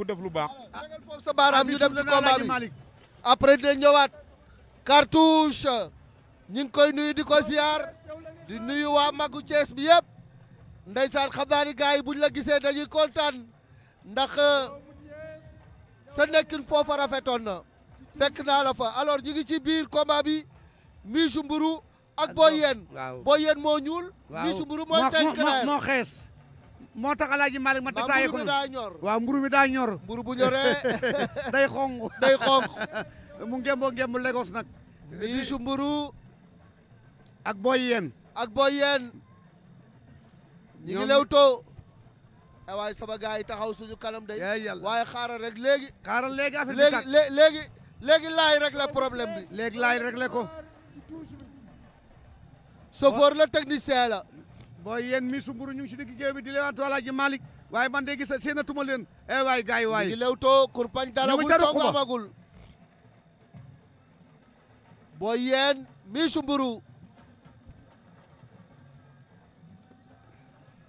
ku def lu baax. sa baaraam ñu dem ci combat après ñëwaat. cartouche ñu ngi koy nuyu di ziar di nuyu waa magu Thiès bi yëpp ndeysaan xam naa ni gars yi buñ la gisee dañuy kontaan ndax euh, sa nekkin foofa rafetoon na fekk naa la fa alors ñu ngi ci biir combat bi Michou ak Boy Yène Boy ñuul Michou Mbourou mooy moo tax Alaaji Malick ma détaillé ko waaw mburu mi daa ñor mburu bu ñoree day xong day mu ngemboo ngemb Lagos nag di su mburu ak boy ak boy yeen ñi ngi lew too waaye sama gars yi taxaw suñu kanam day waaye xaaral rek léegi xaaral léegi affaire bi léegi léegi léegi laay réglé problème bi léegi laay réglé ko chauffeur la technicien la booy mi su mburu ñu dua lagi malik, bi di leewaatoo Alaaji malik way man de gis seenatuma leen eh waay way yi waay di leewtoo kurpañ dara bu toog amagul booy mi su mburu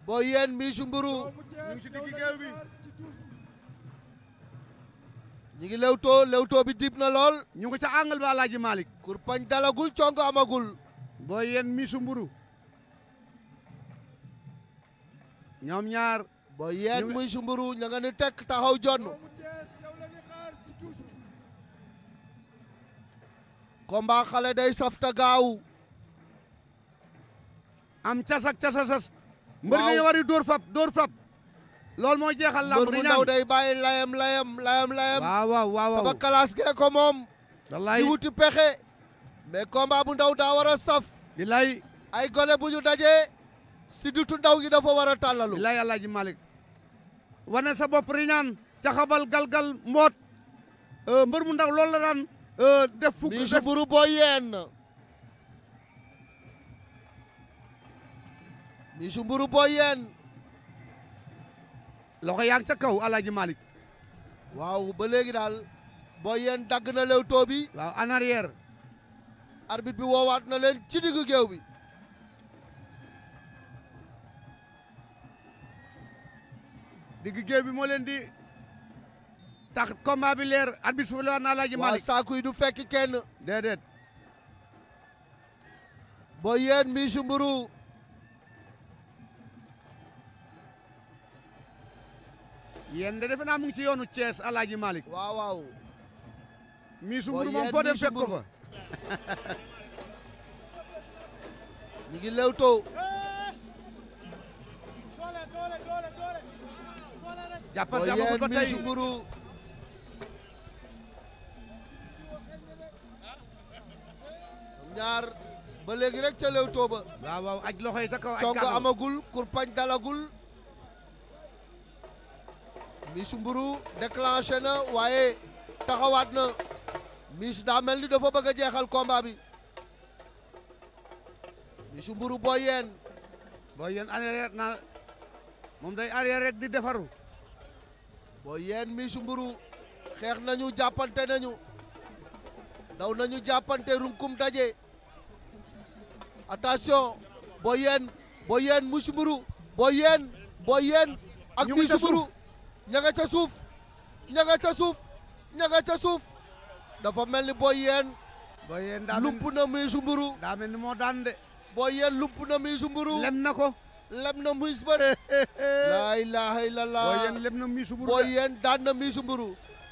booy mi su mburu ñu ci dig geew bi ñi ngi lewtoo lewtoo bi dip na lol ñu ngi ci angal ba kurpañ dalagul amagul mi su mburu ñoom ñaar. boo yeet muy sumburu ña tekk taxaw jonn combat xale day safta gaaw am cas ak casasas mbër nga ñu wari dóor fab dóor fab loolu moo jeexal lamb mbër mu waaw waaw waaw sama classe gee ko moom wallaay di wuti pexe mais combat bu ndaw daa war a saf di lay ay gone bu ñu dajee si duduk ndaw gi dafa wara talalu la yàlla ji malik wane sa ñaan ci xabal galgal euh mbeur mu ndaw loolu la daan def fukk ci jiburu boo yeen mi jiburu boo boyen loxo yaa ngi ca kaw alaaji malik waaw ba legi dal boo na lew waaw en arrière arbitre bi wowat na len ci digu bi digg géew bi moo leen di tax combat bi leer arbitre suuf la war naa laaj Malick yi du fekk kenn déedéet boo yéen Michou Mbourou yéen de defe naa mu ci yoonu Thiès alaaji Malick waaw waaw Michou Mbourou moom foo fekk ko fa ñu ngi jàppal jàppal ba tey mburu ñaar ba léegi rek ca Leewtoo ba waaw waaw aj loxo yi ca kaw aj amagul kurpañ dalagul Miss Mbourou déclenché na waaye taxawaat na Miss daa mel ni dafa bëgg a jeexal combat bi Miss Mbourou booy yeen booy yeen arrière na moom day arrière rek di defaru booy yéen Miss Mburu xeex nañu jàppante nañu daw nañu jàppante runkum daje attention booy yéen booy yéen Miss Mburu ak Miss Mburu ña nga ca suuf ña suuf ña dafa mel ni booy yéen booy yéen lump na Miss Mburu mel ni moo daan de booy yéen lump na Miss Mburu lem na ko lem na mbuus bëre laa ilaaha illallah booy yéen lem na mbuusu mburu booy yéen daan mburu